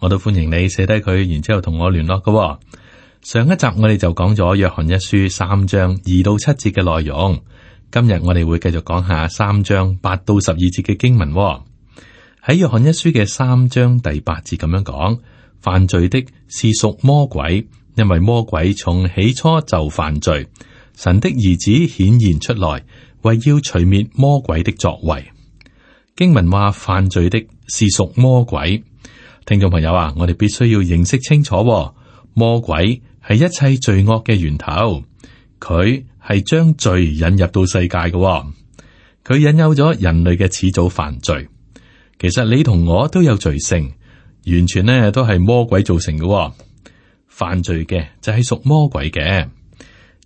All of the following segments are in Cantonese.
我都歡迎你寫低佢，然之後同我聯絡㗎喎。上一集我哋就講咗《約翰一書》三章二到七節嘅內容，今日我哋會繼續講下三章八到十二節嘅經文喎。喺《約翰一書》嘅三章第八節咁樣講，犯罪的是屬魔鬼，因為魔鬼從起初就犯罪。神的兒子顯現出來，為要除滅魔鬼的作為。經文話犯罪的是屬魔鬼。聽眾朋友啊，我哋必須要認識清楚、哦，魔鬼係一切罪惡嘅源頭，佢係將罪引入到世界嘅、哦，佢引誘咗人類嘅始祖犯罪。其實你同我都有罪性，完全呢都係魔鬼造成嘅、哦。犯罪嘅就係屬魔鬼嘅。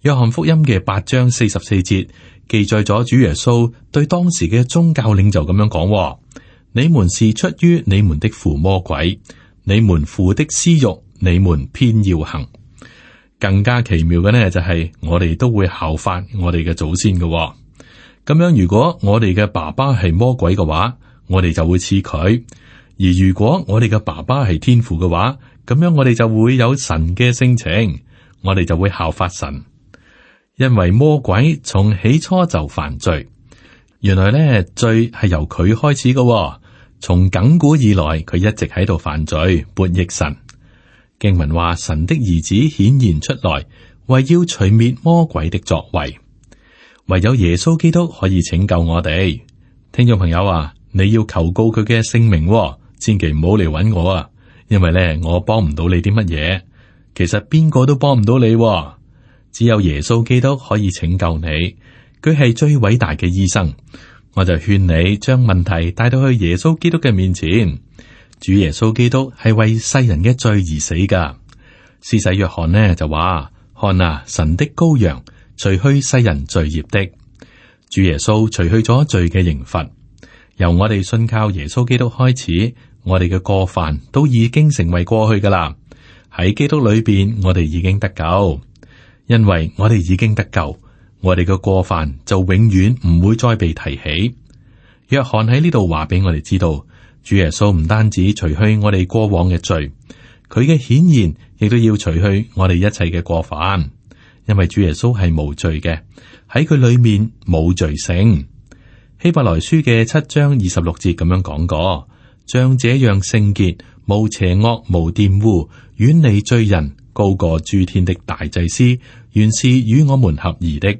約翰福音嘅八章四十四節記載咗主耶穌對當時嘅宗教領袖咁樣講、哦。你們是出於你們的父魔鬼，你們父的私欲，你們偏要行。更加奇妙嘅呢，就係我哋都會效法我哋嘅祖先嘅喎。咁樣，如果我哋嘅爸爸係魔鬼嘅話，我哋就會似佢；而如果我哋嘅爸爸係天父嘅話，咁樣我哋就會有神嘅性情，我哋就會效法神。因為魔鬼從起初就犯罪，原來呢，罪係由佢開始嘅喎。從亙古以來，佢一直喺度犯罪，叛逆神。經文話神的兒子顯現出來，為要除滅魔鬼的作為。唯有耶穌基督可以拯救我哋。聽眾朋友啊，你要求告佢嘅姓名，千祈唔好嚟揾我啊，因為咧我幫唔到你啲乜嘢。其實邊個都幫唔到你，哦，只有耶穌基督可以拯救你。佢係最偉大嘅醫生。我就勸你將問題帶到去耶穌基督嘅面前，主耶穌基督係為世人嘅罪而死噶。施洗約翰呢就話：看啊，神的羔羊，除去世人罪孽的主耶穌，除去咗罪嘅刑罰。由我哋信靠耶穌基督開始，我哋嘅過犯都已經成為過去噶啦。喺基督裏邊，我哋已經得救，因為我哋已經得救。我哋嘅過犯就永遠唔會再被提起。約翰喺呢度話俾我哋知道，主耶穌唔單止除去我哋過往嘅罪，佢嘅顯然亦都要除去我哋一切嘅過犯，因為主耶穌係無罪嘅，喺佢裏面冇罪性。希伯來書嘅七章二十六節咁樣講過，像這樣聖潔、無邪惡、無玷污、遠離罪人、高過諸天的大祭司，原是與我們合宜的。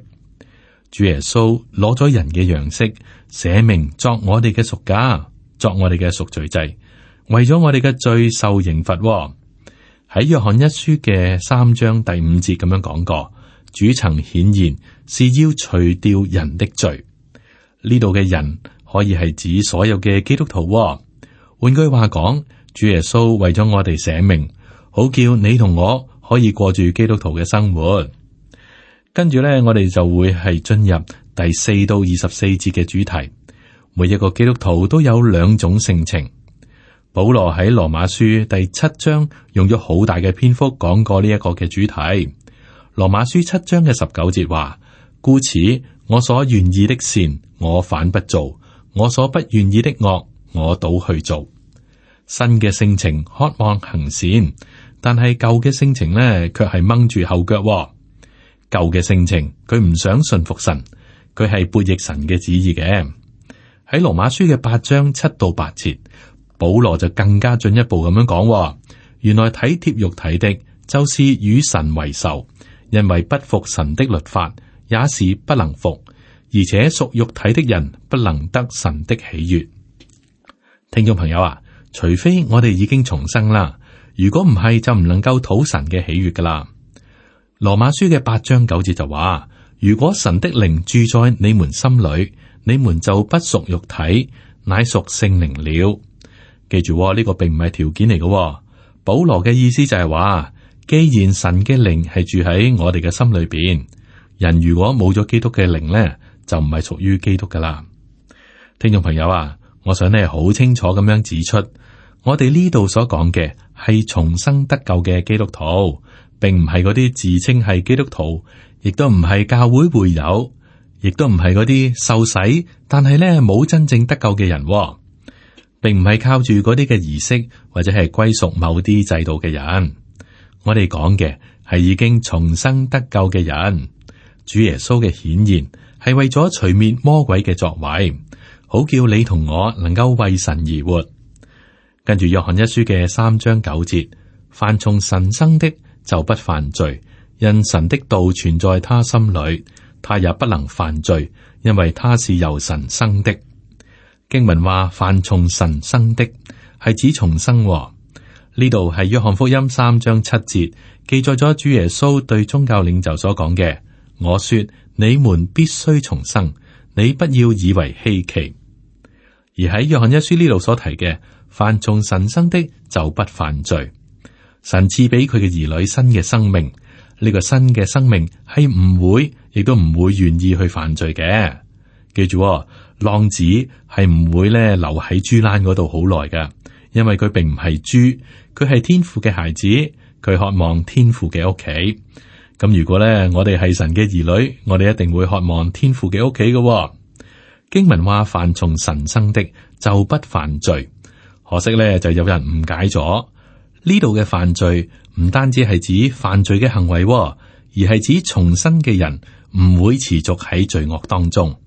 主耶穌攞咗人嘅樣式，捨命作我哋嘅贖價，作我哋嘅贖罪祭，為咗我哋嘅罪受刑罰、哦。喺約翰一書嘅三章第五節咁樣講過，主曾顯現是要除掉人的罪。呢度嘅人可以係指所有嘅基督徒、哦。換句話講，主耶穌為咗我哋捨命，好叫你同我可以過住基督徒嘅生活。跟住呢，我哋就會係進入第四到二十四節嘅主題。每一個基督徒都有兩種性情。保羅喺羅馬書第七章用咗好大嘅篇幅講過呢一個嘅主題。羅馬書七章嘅十九節話：「故此，我所願意的善，我反不做；我所不願意的惡，我倒去做。」新嘅性情渴望行善，但係舊嘅性情呢，卻係掹住後腳喎。舊嘅性情，佢唔想順服神，佢係背逆神嘅旨意嘅。喺羅馬書嘅八章七到八節，保羅就更加進一步咁樣講：原來體貼肉體的，就是與神為仇，因為不服神的律法，也是不能服。而且屬肉體的人，不能得神的喜悅。聽眾朋友啊，除非我哋已經重生啦，如果唔係，就唔能夠討神嘅喜悅噶啦。羅馬書嘅八章九節就話，如果神的靈住在你們心裏，你們就不屬肉體，乃屬聖靈了。記住喎，呢個並唔係條件嚟嘅喎。保羅嘅意思就係話，既然神嘅靈係住喺我哋嘅心裏邊，人如果冇咗基督嘅靈呢，就唔係屬於基督噶啦。聽眾朋友啊，我想呢好清楚咁樣指出，我哋呢度所講嘅係重生得救嘅基督徒。並唔係嗰啲自稱係基督徒，亦都唔係教會會友，亦都唔係嗰啲受洗，但係咧冇真正得救嘅人，哦，並唔係靠住嗰啲嘅儀式或者係歸屬某啲制度嘅人。我哋講嘅係已經重生得救嘅人。主耶穌嘅顯現係為咗除滅魔鬼嘅作為，好叫你同我能夠為神而活。跟住約翰一書嘅三章九節，凡從神生的。就不犯罪，因神的道存在他心裏，他也不能犯罪，因為他是由神生的。經文話，凡從神生的，係指重生哦。呢度係約翰福音三章七節記載咗主耶穌對宗教領袖所講嘅：我說你們必須重生，你不要以為稀奇。而喺約翰一書呢度所提嘅，凡從神生的就不犯罪。神賜俾佢嘅兒女新嘅生命，呢個新嘅生命係唔會，亦都唔會願意去犯罪嘅。記住哦，浪子係唔會咧留喺豬欄嗰度好耐噶，因為佢並唔係豬，佢係天父嘅孩子，佢渴望天父嘅屋企。咁如果咧，我哋係神嘅兒女，我哋一定會渴望天父嘅屋企嘅。經文話，凡從神生的就不犯罪，可惜咧就有人誤解咗。呢度嘅犯罪唔單止係指犯罪嘅行為，哦，而係指重生嘅人唔會持續喺罪惡當中。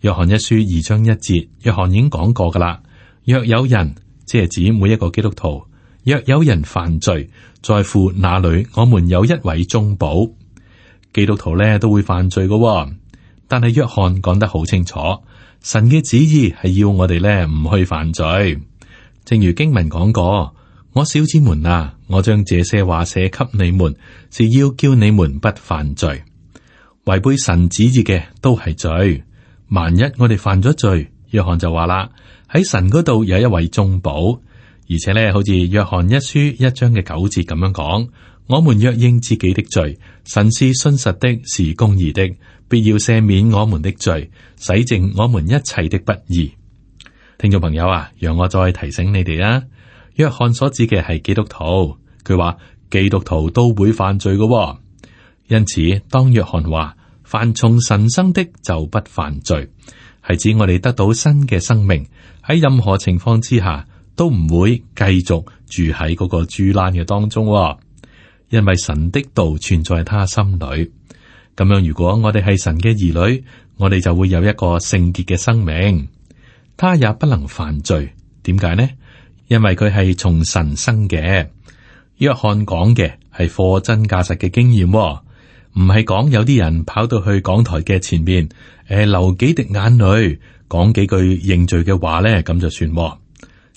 約翰一書二章一節，約翰已經講過噶啦。若有人，即係指每一個基督徒，若有人犯罪，在乎那裡，我們有一位中保。基督徒咧都會犯罪嘅，哦，但係約翰講得好清楚，神嘅旨意係要我哋咧唔去犯罪，正如經文講過。我小子們啊，我將這些話寫給你們，是要叫你們不犯罪，違背神旨意嘅都係罪。萬一我哋犯咗罪，約翰就話啦，喺神嗰度有一位中保，而且咧，好似約翰一書一章嘅九字咁樣講，我們若應自己的罪，神是信實的，是公義的，必要赦免我們的罪，洗淨我們一切的不義。」聽眾朋友啊，讓我再提醒你哋啊。約翰所指嘅係基督徒，佢話基督徒都會犯罪嘅、哦，因此當約翰話凡從神生的就不犯罪，係指我哋得到新嘅生命，喺任何情況之下都唔會繼續住喺嗰個豬欄嘅當中、哦，因為神的道存在他心裏。咁樣如果我哋係神嘅兒女，我哋就會有一個聖潔嘅生命，他也不能犯罪。點解呢？因為佢係從神生嘅，約翰講嘅係貨真價實嘅經驗、哦，唔係講有啲人跑到去講台嘅前面，誒、呃，流幾滴眼淚，講幾句認罪嘅話咧，咁就算、哦。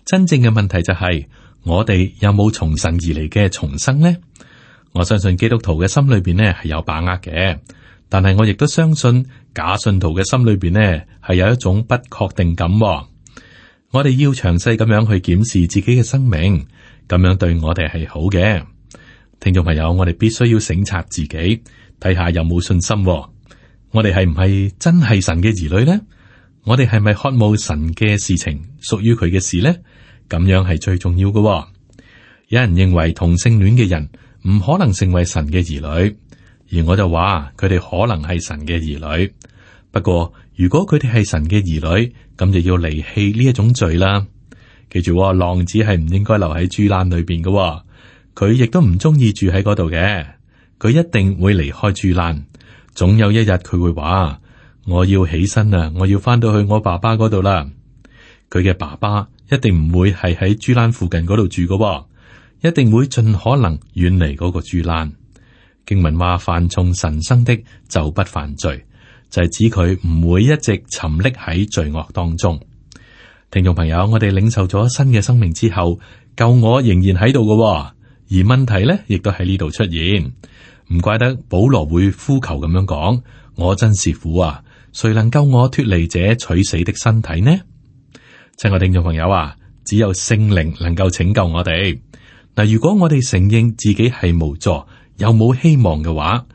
真正嘅問題就係、是、我哋有冇從神而嚟嘅重生呢？我相信基督徒嘅心裏邊咧係有把握嘅，但係我亦都相信假信徒嘅心裏邊咧係有一種不確定感、哦。我哋要詳細咁樣去檢視自己嘅生命，咁樣對我哋係好嘅。聽眾朋友，我哋必須要省察自己，睇下有冇信心。我哋係唔係真係神嘅兒女呢？我哋係咪渴望神嘅事情屬於佢嘅事呢？咁樣係最重要嘅。有人認為同性戀嘅人唔可能成為神嘅兒女，而我就話佢哋可能係神嘅兒女。不過如果佢哋係神嘅兒女。咁就要離棄呢一種罪啦。記住，哦，浪子係唔應該留喺豬欄裏邊嘅，哦。佢亦都唔中意住喺嗰度嘅。佢一定會離開豬欄，總有一日佢會話：我要起身啦，我要返到去我爸爸嗰度啦。佢嘅爸爸一定唔會係喺豬欄附近嗰度住嘅，哦，一定會盡可能遠離嗰個豬欄。經文話：凡從神生的就不犯罪。就係指佢唔會一直沉溺喺罪惡當中。聽眾朋友，我哋領受咗新嘅生命之後，舊我仍然喺度嘅，而問題咧亦都喺呢度出現。唔怪得保羅會呼求咁樣講：我真是苦啊！誰能救我脫離這取死的身體呢？親愛聽眾朋友啊，只有聖靈能夠拯救我哋。嗱，如果我哋承認自己係無助，有冇希望嘅話，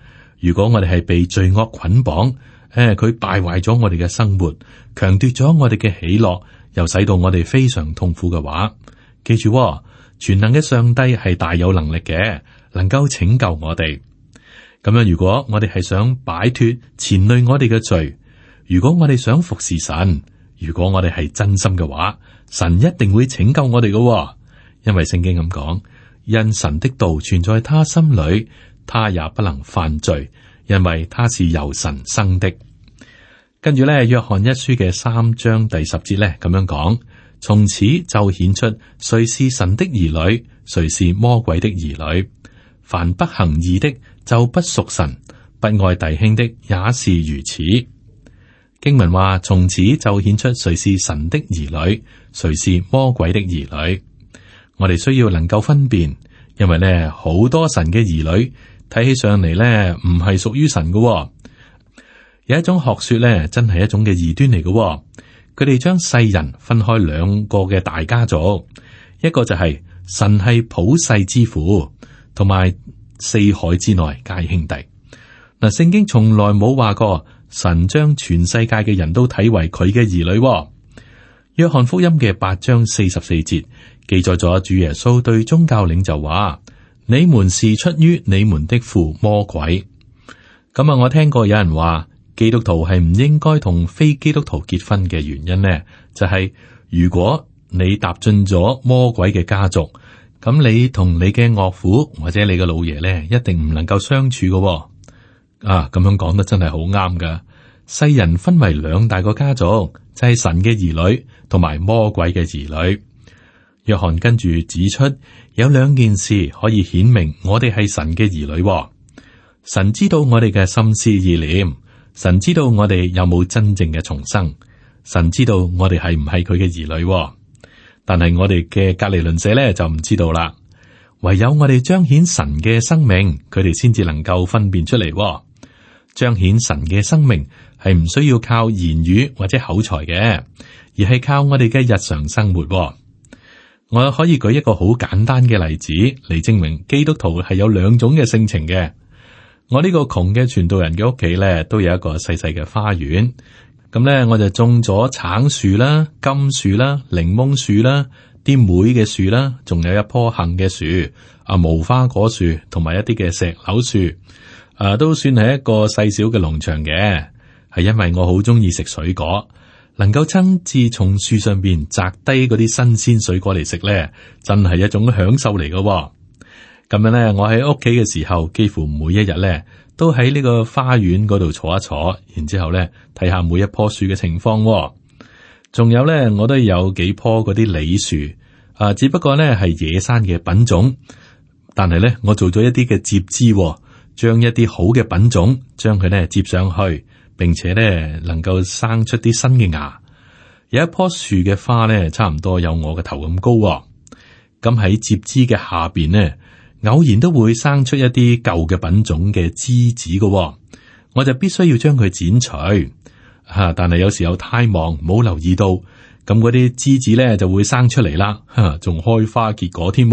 如果我哋係被罪惡捆綁？誒，佢敗壞咗我哋嘅生活，強奪咗我哋嘅喜樂，又使到我哋非常痛苦嘅話，記住，哦，全能嘅上帝係大有能力嘅，能夠拯救我哋。咁樣如果我哋係想擺脫纏累我哋嘅罪，如果我哋想服侍神，如果我哋係真心嘅話，神一定會拯救我哋嘅，哦，因為聖經咁講，因神的道存在他心裏，他也不能犯罪，因為他是由神生的。跟住咧，約翰一書嘅三章第十節咧，咁樣講：從此就顯出誰是神的兒女，誰是魔鬼的兒女。凡不行義的，就不屬神；不愛弟兄的，也是如此。經文話：從此就顯出誰是神的兒女，誰是魔鬼的兒女。我哋需要能夠分辨，因為咧，好多神嘅兒女睇起上嚟咧，唔係屬於神噶喎。有一種學說咧，真係一種嘅異端嚟嘅，哦。佢哋將世人分開兩個嘅大家族，一個就係神係普世之父，同埋四海之內皆兄弟。嗱，聖經從來冇話過神將全世界嘅人都睇為佢嘅兒女，哦。約翰福音嘅八章四十四節記載咗主耶穌對宗教領袖話：你們是出於你們的父，魔鬼。咁啊，我聽過有人話。基督徒係唔應該同非基督徒結婚嘅原因呢，就係、是、如果你踏進咗魔鬼嘅家族，咁你同你嘅岳父或者你嘅老爺呢，一定唔能夠相處嘅、哦。啊，咁樣講得真係好啱噶。世人分為兩大個家族，就係、是、神嘅兒女同埋魔鬼嘅兒女。約翰跟住指出，有兩件事可以顯明我哋係神嘅兒女、哦。神知道我哋嘅心思意念。神知道我哋有冇真正嘅重生，神知道我哋係唔係佢嘅兒女、哦，但係我哋嘅隔籬鄰舍咧就唔知道啦。唯有我哋彰顯神嘅生命，佢哋先至能夠分辨出嚟、哦。彰顯神嘅生命係唔需要靠言語或者口才嘅，而係靠我哋嘅日常生活、哦。我可以舉一個好簡單嘅例子嚟證明基督徒係有兩種嘅性情嘅。我呢個窮嘅傳道人嘅屋企咧，都有一個細細嘅花園，咁咧我就種咗橙樹啦、金樹啦、檸檬樹啦、啲梅嘅樹啦，仲有一棵杏嘅樹、啊無花果樹同埋一啲嘅石榴樹，啊都算係一個細小嘅農場嘅，係因為我好中意食水果，能夠親自從樹上邊摘低嗰啲新鮮水果嚟食咧，真係一種享受嚟嘅、哦。咁樣咧，我喺屋企嘅時候，幾乎每一日咧都喺呢個花園嗰度坐一坐，然之後咧睇下每一棵樹嘅情況，哦。仲有咧，我都有幾棵嗰啲李樹啊，只不過咧係野生嘅品種，但係咧我做咗一啲嘅接枝，將一啲好嘅品種將佢咧接上去，並且咧能夠生出啲新嘅芽。有一棵樹嘅花咧，差唔多有我嘅頭咁高，哦。咁喺接枝嘅下邊咧。偶然都會生出一啲舊嘅品種嘅枝子嘅，我就必須要將佢剪除。吓、啊，但係有時候太忙，冇留意到，咁嗰啲枝子咧就會生出嚟啦，吓、啊，仲開花結果添。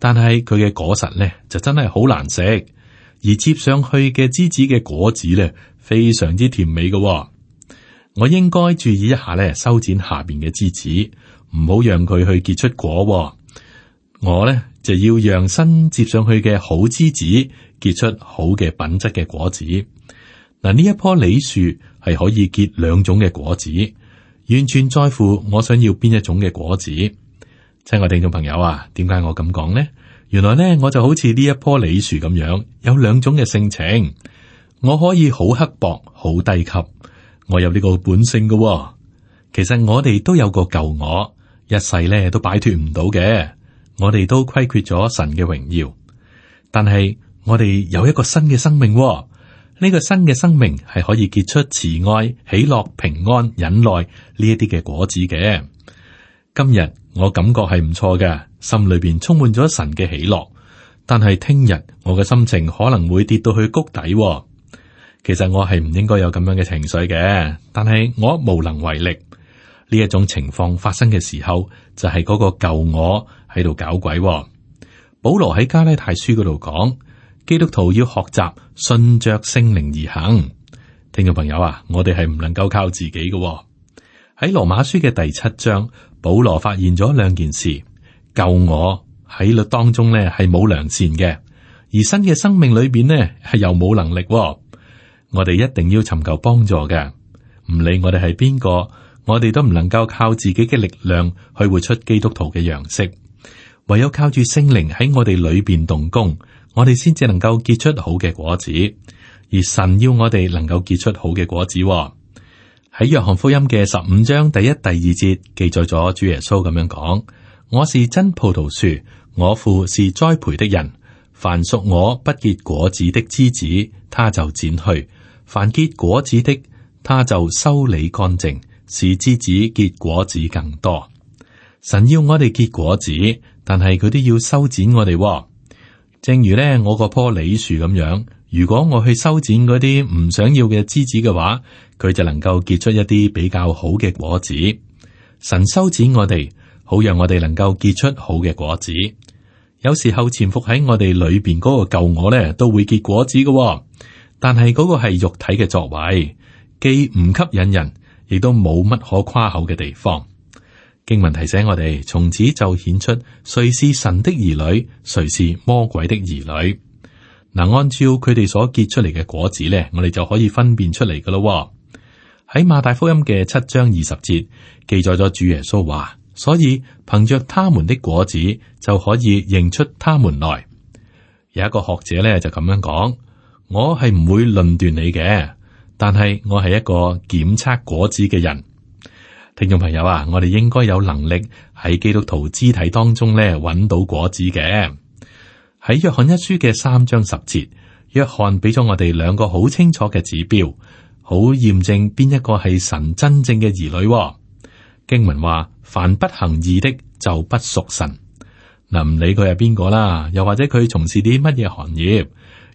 但係佢嘅果實咧就真係好難食，而接上去嘅枝子嘅果子咧非常之甜美嘅、哦。我應該注意一下咧，修剪下邊嘅枝子，唔好讓佢去結出果、哦。我咧，就要讓新接上去嘅好枝子結出好嘅品質嘅果子。嗱，呢一棵梨樹係可以結兩種嘅果子，完全在乎我想要邊一種嘅果子。親愛聽眾朋友啊，點解我咁講呢？原來呢，我就好似呢一棵梨樹咁樣，有兩種嘅性情。我可以好刻薄，好低級，我有呢個本性㗎喎。其實我哋都有個舊我，一世咧都擺脫唔到嘅。我哋都虧缺咗神嘅榮耀，但係我哋有一個新嘅生命，哦。呢、呢個新嘅生命係可以結出慈愛、喜樂、平安、忍耐呢一啲嘅果子嘅。今日我感覺係唔錯嘅，心裏邊充滿咗神嘅喜樂。但係聽日我嘅心情可能會跌到去谷底，哦。其實我係唔應該有咁樣嘅情緒嘅，但係我無能為力呢一種情況發生嘅時候，就係、是、嗰個救我。喺度搞鬼、哦。保羅喺加拉太書嗰度講，基督徒要學習順着聖靈而行。聽眾朋友啊，我哋係唔能夠靠自己嘅。喺羅馬書嘅第七章，保羅發現咗兩件事。救我喺律當中咧係冇良善嘅，而新嘅生命裏邊咧係又冇能力、哦。我哋一定要尋求幫助嘅。唔理我哋係邊個，我哋都唔能夠靠自己嘅力量去活出基督徒嘅樣式。唯有靠住聖靈喺我哋裏邊動工，我哋先至能夠結出好嘅果子。而神要我哋能夠結出好嘅果子，喺約翰福音嘅十五章第一第二節記載咗，主耶穌咁樣講，我是真葡萄樹，我父是栽培的人。凡屬我不結果子的枝子，他就剪去；凡結果子的，他就修理乾淨，使枝子結果子更多。神要我哋結果子。但係佢都要修剪我哋、哦，正如咧我個棵梨樹咁樣，如果我去修剪嗰啲唔想要嘅枝子嘅話，佢就能夠結出一啲比較好嘅果子。神修剪我哋，好讓我哋能夠結出好嘅果子。有時候潛伏喺我哋裏邊嗰個舊我咧，都會結果子嘅、哦。但係嗰個係肉體嘅作為，既唔吸引人，亦都冇乜可誇口嘅地方。經文提醒我哋，從此就顯出誰是神的兒女，誰是魔鬼的兒女。嗱，按照佢哋所結出嚟嘅果子咧，我哋就可以分辨出嚟噶咯。喺馬太福音嘅七章二十節記載咗主耶穌話：所以憑着他們的果子就可以認出他們來。有一個學者咧就咁樣講：我係唔會論斷你嘅，但係我係一個檢測果子嘅人。聽眾朋友啊，我哋應該有能力喺基督徒肢體當中咧揾到果子嘅。喺約翰一書嘅三章十節，約翰俾咗我哋兩個好清楚嘅指標，好驗證邊一個係神真正嘅兒女，哦。經文話：凡不行義的，就不屬神。嗱，唔理佢係邊個啦，又或者佢從事啲乜嘢行業，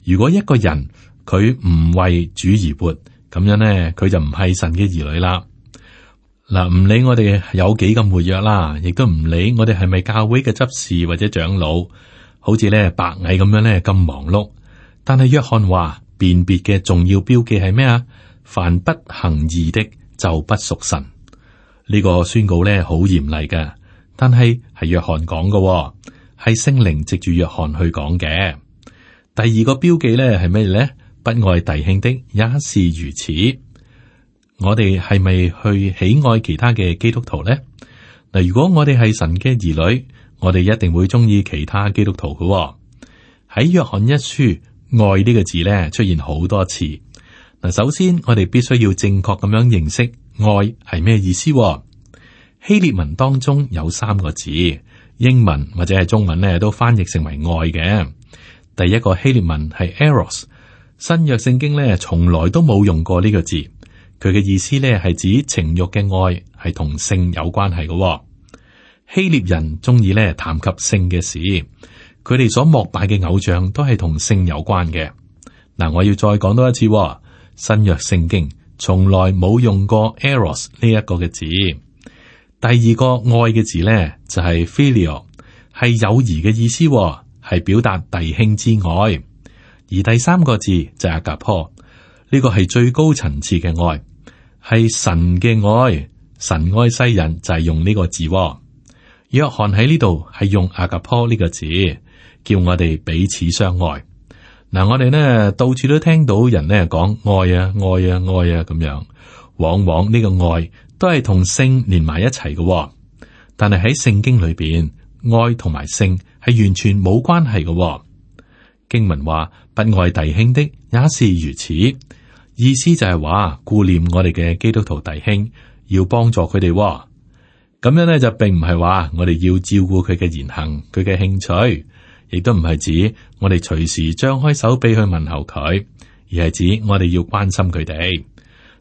如果一個人佢唔為主而活，咁樣咧，佢就唔係神嘅兒女啦。嗱，唔理我哋有幾咁活躍啦，亦都唔理我哋係咪教會嘅執事或者長老，好似咧白蟻咁樣咧咁忙碌。但係約翰話辨別嘅重要標記係咩啊？凡不行義的就不屬神。呢、這個宣告咧好嚴厲噶，但係係約翰講嘅，係聖靈藉住約翰去講嘅。第二個標記咧係咩咧？不愛弟兄的也是如此。我哋係咪去喜愛其他嘅基督徒呢？嗱，如果我哋係神嘅兒女，我哋一定會中意其他基督徒嘅喎、哦。喺約翰一書，愛呢個字咧出現好多次。嗱，首先我哋必須要正確咁樣認識愛係咩意思、哦。希臘文當中有三個字，英文或者係中文咧都翻譯成為愛嘅。第一個希臘文係 eros，新約聖經咧從來都冇用過呢個字。佢嘅意思咧，係指情欲嘅愛，係同性有關係嘅、哦。希臘人中意咧談及性嘅事，佢哋所膜拜嘅偶像都係同性有關嘅。嗱，我要再講多一次、哦，新約聖經從來冇用過 Eros 呢一個嘅字。第二個愛嘅字咧就係、是、phileo，係友誼嘅意思、哦，係表達弟兄之愛。而第三個字就係阿加坡。呢個係最高層次嘅愛，係神嘅愛。神愛世人就係用呢個字、哦。約翰喺呢度係用阿甲坡呢個字，叫我哋彼此相愛。嗱、嗯，我哋呢到處都聽到人呢講愛啊愛啊愛啊咁樣，往往呢個愛都係同性連埋一齊嘅、哦。但係喺聖經裏邊，愛同埋性係完全冇關係嘅、哦。經文話：不愛弟兄的也是如此。意思就係話顧念我哋嘅基督徒弟兄，要幫助佢哋喎。咁樣咧就並唔係話我哋要照顧佢嘅言行、佢嘅興趣，亦都唔係指我哋隨時張開手臂去問候佢，而係指我哋要關心佢哋。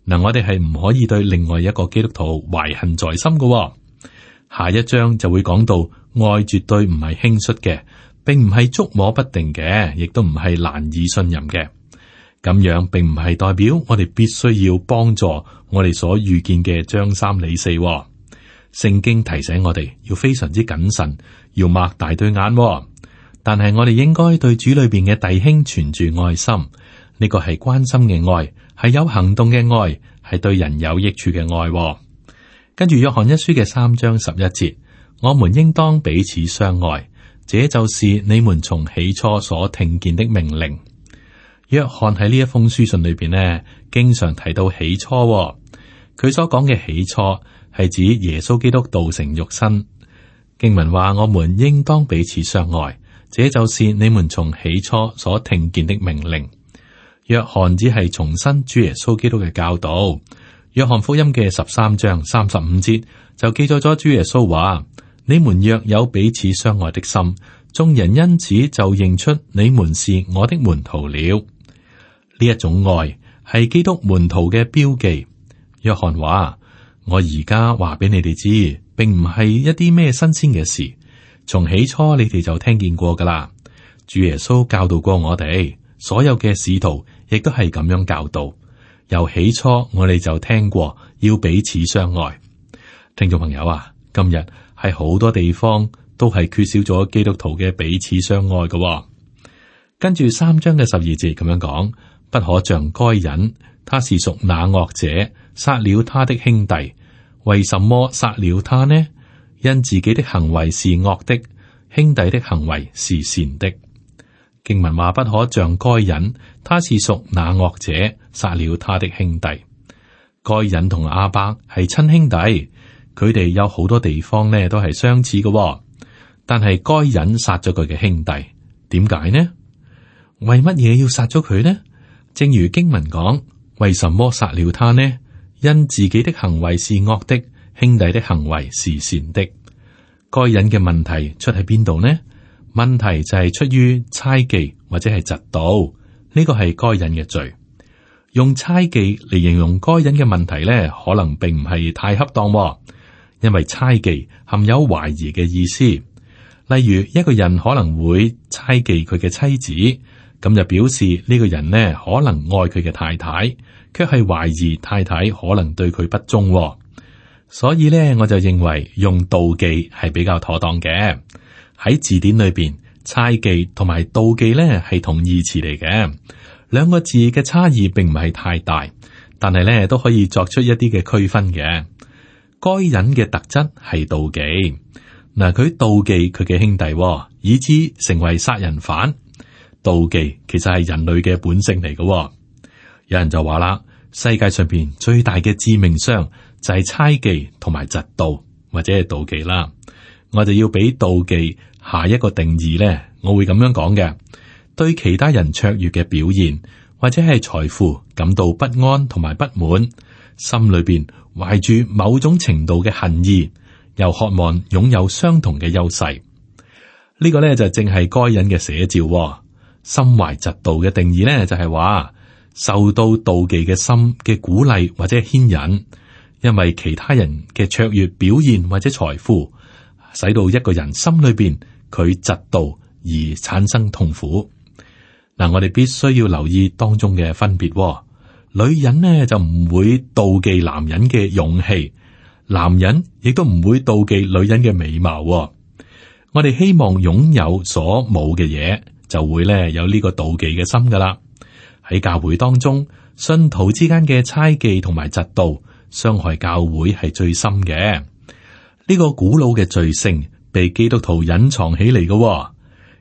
嗱，我哋係唔可以對另外一個基督徒懷恨在心嘅喎。下一章就會講到，愛絕對唔係輕率嘅，並唔係捉摸不定嘅，亦都唔係難以信任嘅。咁樣並唔係代表我哋必須要幫助我哋所遇見嘅張三李四喎。聖經提醒我哋要非常之謹慎，要擘大對眼喎。但係我哋應該對主裏邊嘅弟兄存住愛心，呢個係關心嘅愛，係有行動嘅愛，係對人有益處嘅愛喎。跟住約翰一書嘅三章十一節，我們應當彼此相愛，這就是你們從起初所聽見的命令。約翰喺呢一封書信裏邊呢，經常提到起初哦，佢所講嘅起初係指耶穌基督道成肉身。經文話：我們應當彼此相愛，這就是你們從起初所聽見的命令。約翰只係重申主耶穌基督嘅教導。約翰福音嘅十三章三十五節就記載咗主耶穌話：你們若有彼此相愛的心，眾人因此就認出你們是我的門徒了。呢一種愛係基督門徒嘅標記。約翰話：我而家話俾你哋知，並唔係一啲咩新鮮嘅事。從起初你哋就聽見過噶啦。主耶穌教導過我哋，所有嘅使徒亦都係咁樣教導。由起初我哋就聽過要彼此相愛。聽眾朋友啊，今日係好多地方都係缺少咗基督徒嘅彼此相愛嘅哦。跟住三章嘅十二節咁樣講。不可像該隱，他是屬那惡者，殺了他的兄弟。為什麼殺了他呢？因自己的行為是惡的，兄弟的行為是善的。經文話，不可像該隱，他是屬那惡者，殺了他的兄弟。該隱同亞伯係親兄弟，佢哋有好多地方咧都係相似嘅、哦，但係該隱殺咗佢嘅兄弟，點解呢？為乜嘢要殺咗佢呢？正如經文講，為什麼殺了他呢？因自己的行為是惡的，兄弟的行為是善的。該隱嘅問題出喺邊度呢？問題就係出於猜忌或者係嫉妒，呢個係該隱嘅罪。用猜忌嚟形容該隱嘅問題呢，可能並唔係太恰當，因為猜忌含有懷疑嘅意思。例如一個人可能會猜忌佢嘅妻子。咁就表示呢、這個人呢，可能愛佢嘅太太，卻係懷疑太太可能對佢不忠、哦，所以呢，我就認為用妒忌係比較妥當嘅。喺字典裏邊，猜忌同埋妒忌呢係同義詞嚟嘅，兩個字嘅差異並唔係太大，但係呢都可以作出一啲嘅區分嘅。該人嘅特質係妒忌，嗱，佢妒忌佢嘅兄弟、哦，以致成為殺人犯。妒忌其實係人類嘅本性嚟嘅，哦。有人就話啦，世界上邊最大嘅致命傷就係猜忌同埋嫉妒或者係妒忌啦。我哋要俾妒忌下一個定義咧，我會咁樣講嘅：對其他人卓越嘅表現或者係財富感到不安同埋不滿，心裏邊懷住某種程度嘅恨意，又渴望擁有相同嘅優勢。這個，呢個咧就正係該隱嘅寫照，哦。心懷嫉妒嘅定義咧，就係話受到妒忌嘅心嘅鼓勵或者牽引，因為其他人嘅卓越表現或者財富，使到一個人心裏邊佢嫉妒而產生痛苦。嗱，我哋必須要留意當中嘅分別喎。女人呢，就唔會妒忌男人嘅勇氣，男人亦都唔會妒忌女人嘅美貌喎。我哋希望擁有所冇嘅嘢。就會咧有呢個妒忌嘅心噶啦，喺教會當中，信徒之間嘅猜忌同埋嫉妒，傷害教會係最深嘅。呢個古老嘅罪性，被基督徒隱藏起嚟嘅、哦。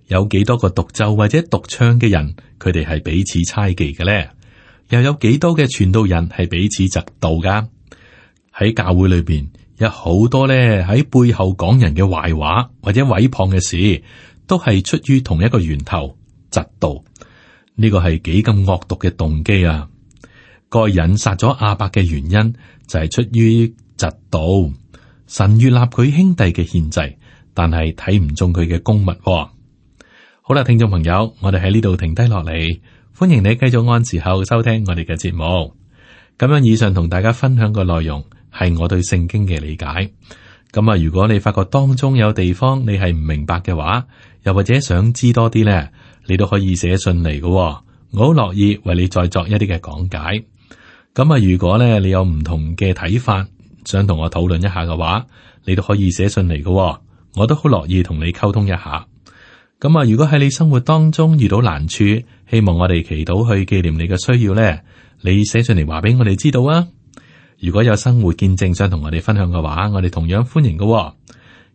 有幾多個獨奏或者獨唱嘅人，佢哋係彼此猜忌嘅咧？又有幾多嘅傳道人係彼此嫉妒噶？喺教會裏邊，有好多咧喺背後講人嘅壞話，或者毀謗嘅事。都係出於同一個源頭嫉妒，呢個係幾咁惡毒嘅動機啊！個人殺咗阿伯嘅原因就係出於嫉妒。神悅納佢兄弟嘅獻祭，但係睇唔中佢嘅公物啊。好啦，聽眾朋友，我哋喺呢度停低落嚟，歡迎你繼續按時候收聽我哋嘅節目。咁樣，以上同大家分享嘅內容係我對聖經嘅理解。咁啊，如果你發覺當中有地方你係唔明白嘅話，又或者想知多啲呢，你都可以寫信嚟嘅。我好樂意為你再作一啲嘅講解。咁啊，如果咧你有唔同嘅睇法，想同我討論一下嘅話，你都可以寫信嚟嘅。我都好樂意同你溝通一下。咁啊，如果喺你生活當中遇到難處，希望我哋祈禱去紀念你嘅需要呢，你寫信嚟話俾我哋知道啊。如果有生活見證想同我哋分享嘅話，我哋同樣歡迎嘅。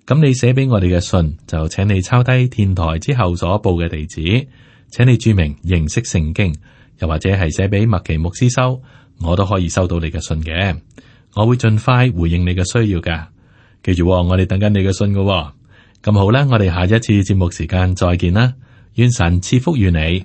咁你寫俾我哋嘅信，就請你抄低電台之後所報嘅地址，請你注明認識聖經，又或者係寫俾麥奇牧師收，我都可以收到你嘅信嘅。我會盡快回應你嘅需要嘅。記住，我哋等緊你嘅信嘅。咁好啦，我哋下一次節目時間再見啦。願神賜福與你。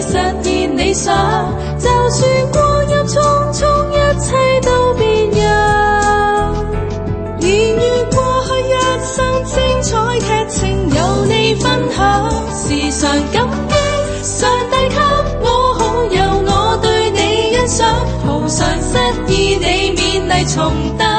實現理想，就算光陰匆匆，一切都變樣。年月過去，一生精彩劇情由你分享，時常感激上帝給我好友，我對你欣賞，途上失意你勉勵重擔。